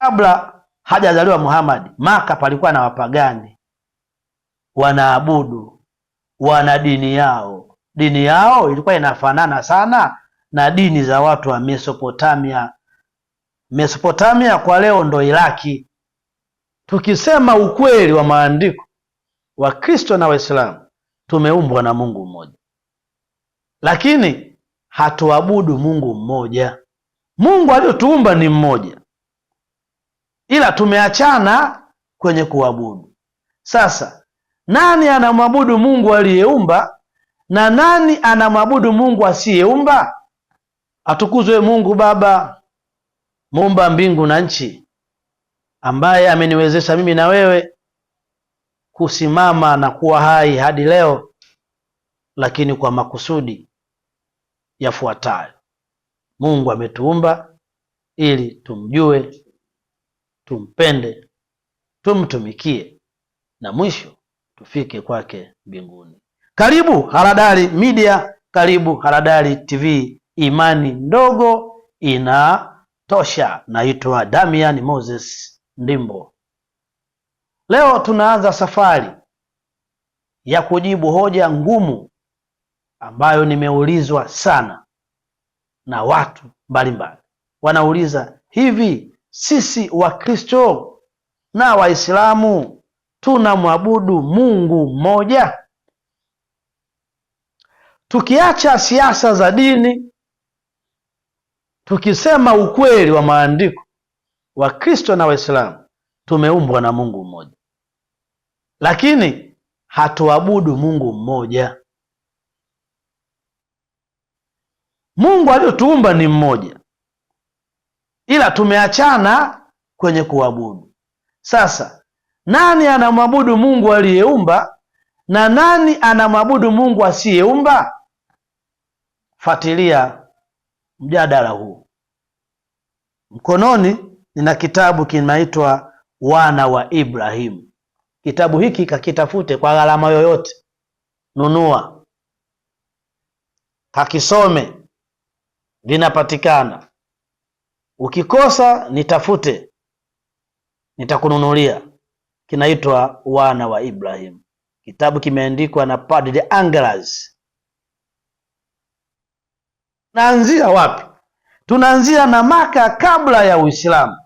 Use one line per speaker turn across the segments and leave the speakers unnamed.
Kabla hajazaliwa Muhammad, Maka palikuwa na wapagani wanaabudu, wana dini yao. Dini yao ilikuwa inafanana sana na dini za watu wa Mesopotamia. Mesopotamia kwa leo ndo Iraki. Tukisema ukweli wa maandiko, Wakristo na Waislamu tumeumbwa na Mungu mmoja lakini hatuabudu Mungu mmoja. Mungu aliyotuumba ni mmoja, ila tumeachana kwenye kuabudu. Sasa nani anamwabudu Mungu aliyeumba na nani anamwabudu Mungu asiyeumba? Atukuzwe Mungu Baba muumba mbingu na nchi, ambaye ameniwezesha mimi na wewe kusimama na kuwa hai hadi leo, lakini kwa makusudi yafuatayo: Mungu ametuumba ili tumjue, tumpende, tumtumikie na mwisho tufike kwake mbinguni. Karibu Haradali Media, karibu Haradali TV. Imani ndogo inatosha. Naitwa Damian Moses Ndimbo. Leo tunaanza safari ya kujibu hoja ngumu ambayo nimeulizwa sana na watu mbalimbali mbali. Wanauliza hivi, sisi Wakristo na Waislamu tunamwabudu Mungu mmoja? Tukiacha siasa za dini, tukisema ukweli wa maandiko, Wakristo na Waislamu tumeumbwa na Mungu mmoja, lakini hatuabudu Mungu mmoja. Mungu aliyotuumba ni mmoja, ila tumeachana kwenye kuabudu. Sasa nani anamwabudu Mungu aliyeumba na nani anamwabudu Mungu asiyeumba? Fatilia mjadala huu. Mkononi nina kitabu kinaitwa Wana wa Ibrahimu. Kitabu hiki kakitafute kwa gharama yoyote, nunua, kakisome linapatikana. Ukikosa nitafute, nitakununulia. Kinaitwa Wana wa Ibrahim. Kitabu kimeandikwa na Padre Angelas. Tunaanzia wapi? Tunaanzia na Maka kabla ya Uislamu.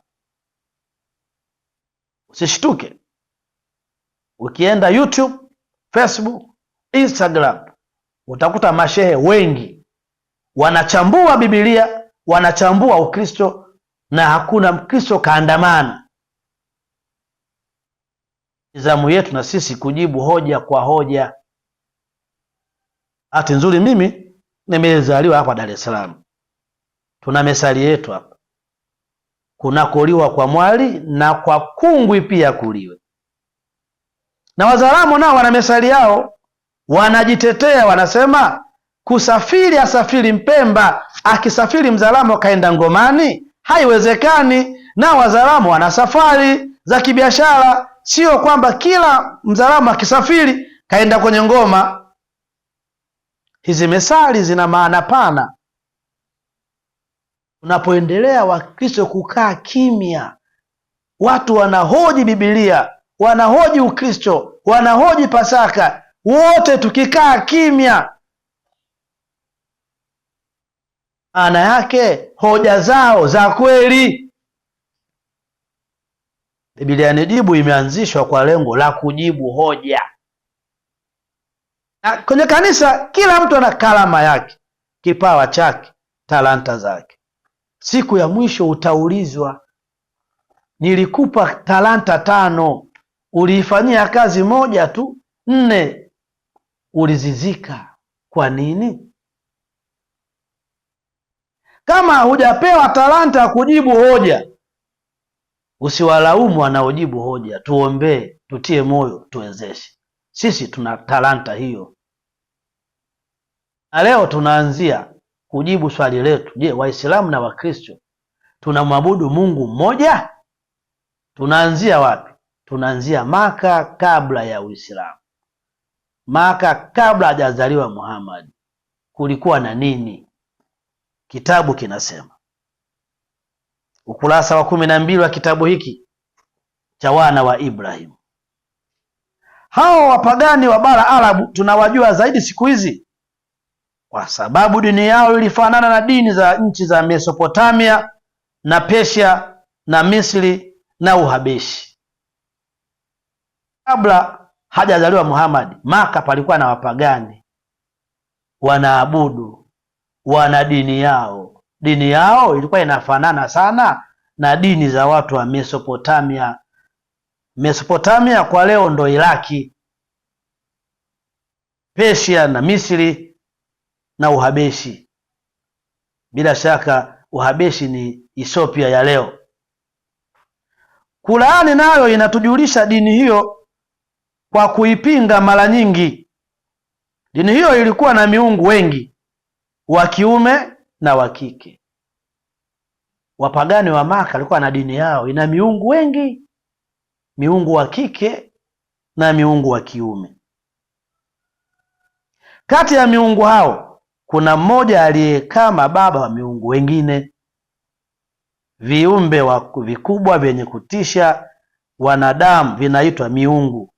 Usishtuke ukienda YouTube, Facebook, Instagram utakuta mashehe wengi wanachambua Biblia, wanachambua Ukristo na hakuna Mkristo kaandamana. nizamu yetu na sisi kujibu hoja kwa hoja. Hati nzuri mimi nimezaliwa hapa Dar es Salaam, tuna mesali yetu hapa, kunakoliwa kwa mwali na kwa kungwi pia kuliwe. Na wazalamu nao wana mesali yao, wanajitetea wanasema kusafiri asafiri Mpemba, akisafiri Mzaramo kaenda Ngomani? Haiwezekani. Na Wazaramo wana safari za kibiashara, sio kwamba kila Mzaramo akisafiri kaenda kwenye ngoma. Hizi methali zina maana pana. Unapoendelea Wakristo kukaa kimya, watu wanahoji Bibilia, wanahoji Ukristo, wanahoji Pasaka, wote tukikaa kimya maana yake hoja zao za kweli. Biblia jibu imeanzishwa kwa lengo la kujibu hoja. Na kwenye kanisa kila mtu ana karama yake, kipawa chake, talanta zake. Siku ya mwisho utaulizwa, nilikupa talanta tano, uliifanyia kazi moja tu, nne ulizizika. Kwa nini? Kama hujapewa talanta ya kujibu hoja, usiwalaumu wanaojibu hoja. Tuombee, tutie moyo, tuwezeshe. Sisi tuna talanta hiyo, na leo tunaanzia kujibu swali letu. Je, Waislamu na Wakristo tunamwabudu Mungu mmoja? Tunaanzia wapi? Tunaanzia Maka kabla ya Uislamu. Maka kabla hajazaliwa Muhammad kulikuwa na nini? Kitabu kinasema ukurasa wa kumi na mbili wa kitabu hiki cha wana wa Ibrahimu. Hao wapagani wa bara Arabu tunawajua zaidi siku hizi kwa sababu dini yao ilifanana na dini za nchi za Mesopotamia na Persia na Misri na Uhabeshi. Kabla hajazaliwa Muhammad, Maka palikuwa na wapagani wanaabudu wana dini yao. Dini yao ilikuwa inafanana sana na dini za watu wa Mesopotamia. Mesopotamia kwa leo ndo Iraki, Persia na Misri na Uhabeshi. Bila shaka Uhabeshi ni Ethiopia ya leo. Qur'ani nayo inatujulisha dini hiyo kwa kuipinga mara nyingi. Dini hiyo ilikuwa na miungu wengi wa kiume na wa kike. Wapagani wa Maka walikuwa na dini yao, ina miungu wengi, miungu wa kike na miungu wa kiume. Kati ya miungu hao kuna mmoja aliye kama baba wa miungu wengine, viumbe wa vikubwa vyenye kutisha wanadamu vinaitwa miungu.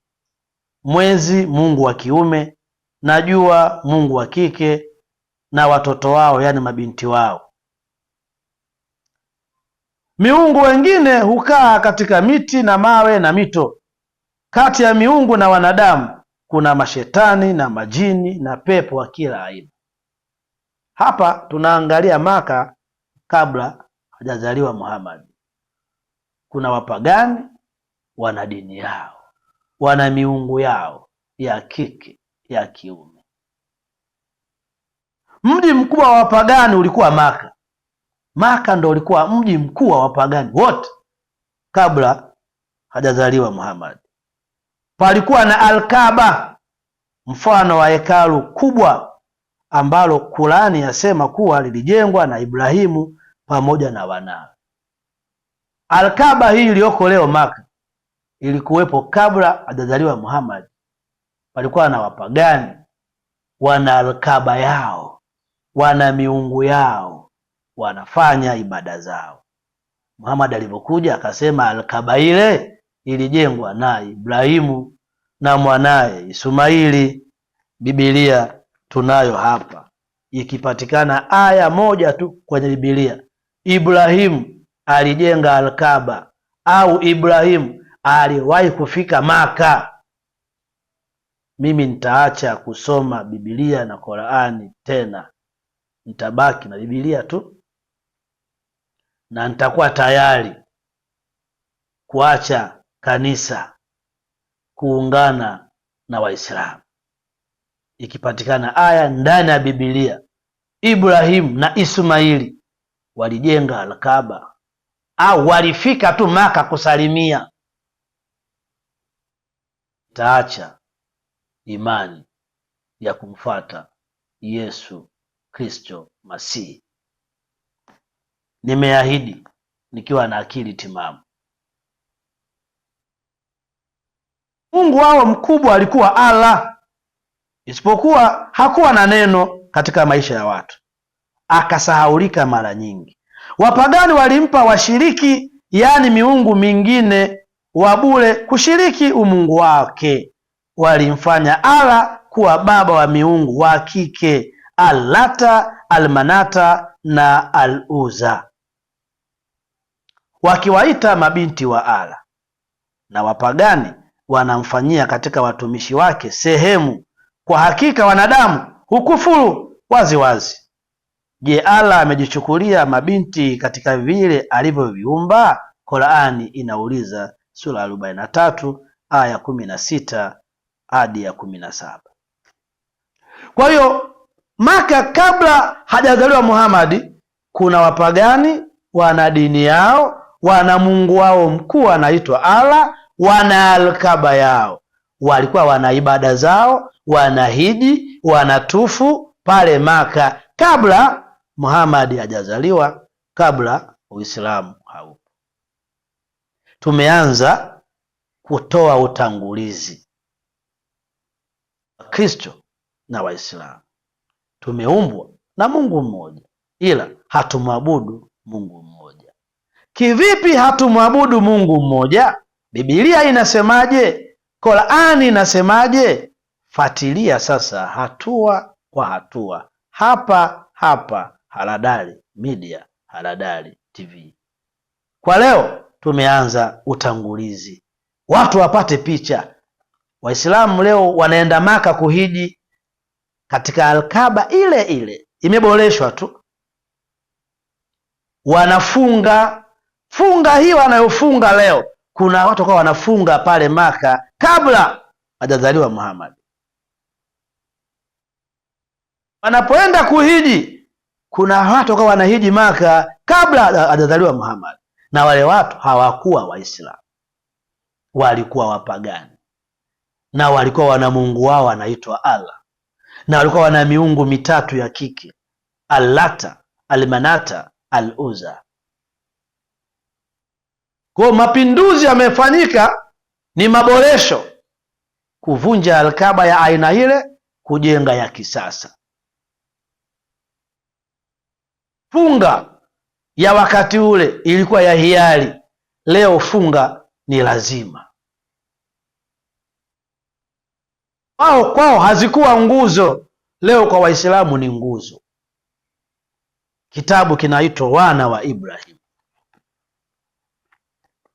Mwezi mungu wa kiume na jua mungu wa kike na watoto wao, yaani mabinti wao. Miungu wengine hukaa katika miti na mawe na mito. Kati ya miungu na wanadamu kuna mashetani na majini na pepo wa kila aina. Hapa tunaangalia Maka kabla hajazaliwa Muhammad. Kuna wapagani wana dini yao, wana miungu yao ya kike, ya kiume. Mji mkubwa wa wapagani ulikuwa Maka. Maka ndo ulikuwa mji mkuu wa wapagani wote kabla hajazaliwa Muhammad. Palikuwa na Alkaba, mfano wa hekalu kubwa ambalo Kurani yasema kuwa lilijengwa na Ibrahimu pamoja na wanawe. Alkaba hii iliyoko leo Maka ilikuwepo kabla hajazaliwa Muhammad. Palikuwa na wapagani wana alkaba yao wana miungu yao, wanafanya ibada zao. Muhammad alivyokuja akasema Alkaba ile ilijengwa na Ibrahimu na mwanaye Ismaili. Biblia tunayo hapa, ikipatikana aya moja tu kwenye Biblia, Ibrahimu alijenga Alkaba au Ibrahimu aliwahi kufika Maka. Mimi nitaacha kusoma Biblia na Qurani tena nitabaki na Biblia tu na nitakuwa tayari kuacha kanisa kuungana na Waislamu. Ikipatikana aya ndani ya Biblia, Ibrahimu na Ismaili walijenga Alkaba au walifika tu Maka kusalimia, taacha imani ya kumfuata Yesu Kristo Masihi. Nimeahidi nikiwa na akili timamu. Mungu wao mkubwa alikuwa Allah, isipokuwa hakuwa na neno katika maisha ya watu, akasahaulika mara nyingi. Wapagani walimpa washiriki, yaani miungu mingine wa bure kushiriki umungu wake. Walimfanya Allah kuwa baba wa miungu wa kike Allata, Almanata na Aluza, wakiwaita mabinti wa Ala, na wapagani wanamfanyia katika watumishi wake sehemu. Kwa hakika wanadamu hukufuru wazi wazi. Je, Ala amejichukulia mabinti katika vile alivyoviumba? Qurani inauliza, sura ya tatu aya 16 hadi ya 17. Kwa hiyo Maka kabla hajazaliwa Muhammad, kuna wapagani wana dini yao, wana mungu wao mkuu anaitwa Allah, wana alkaba yao, walikuwa wana ibada zao, wana hiji, wana tufu pale Maka kabla Muhammad hajazaliwa, kabla Uislamu haupo. Tumeanza kutoa utangulizi Wakristo na Waislamu tumeumbwa na Mungu mmoja, ila hatumwabudu Mungu mmoja. Kivipi hatumwabudu Mungu mmoja? Biblia inasemaje? Qur'ani inasemaje? Fatilia sasa hatua kwa hatua, hapa hapa Haradali Media, Haradali TV. Kwa leo tumeanza utangulizi, watu wapate picha. Waislamu leo wanaenda Maka kuhiji katika alkaba ile ile, imeboreshwa tu. Wanafunga funga hii wanayofunga leo, kuna watu kwa wanafunga pale Maka kabla hajazaliwa Muhammad, wanapoenda kuhiji, kuna watu kwa wanahiji Maka kabla hajazaliwa Muhammad, na wale watu hawakuwa Waislamu, walikuwa wapagani na walikuwa wana mungu wao anaitwa Allah na walikuwa wana miungu mitatu ya kike Allata, Almanata, Aluza. Kwa mapinduzi yamefanyika, ni maboresho, kuvunja alkaba ya aina ile, kujenga ya kisasa. Funga ya wakati ule ilikuwa ya hiari, leo funga ni lazima. au kwao hazikuwa nguzo, leo kwa Waislamu ni nguzo. Kitabu kinaitwa Wana wa Ibrahim.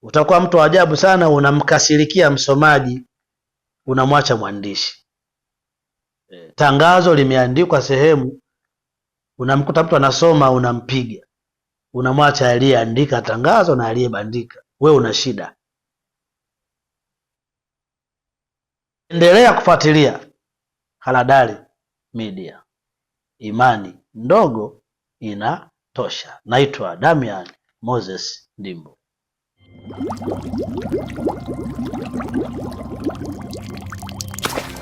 Utakuwa mtu wa ajabu sana, unamkasirikia msomaji, unamwacha mwandishi. Tangazo limeandikwa sehemu, unamkuta mtu anasoma, unampiga, unamwacha aliyeandika tangazo na aliyebandika. We una shida Endelea kufuatilia Haradali Media, imani ndogo inatosha. Naitwa Damian Moses Ndimbo.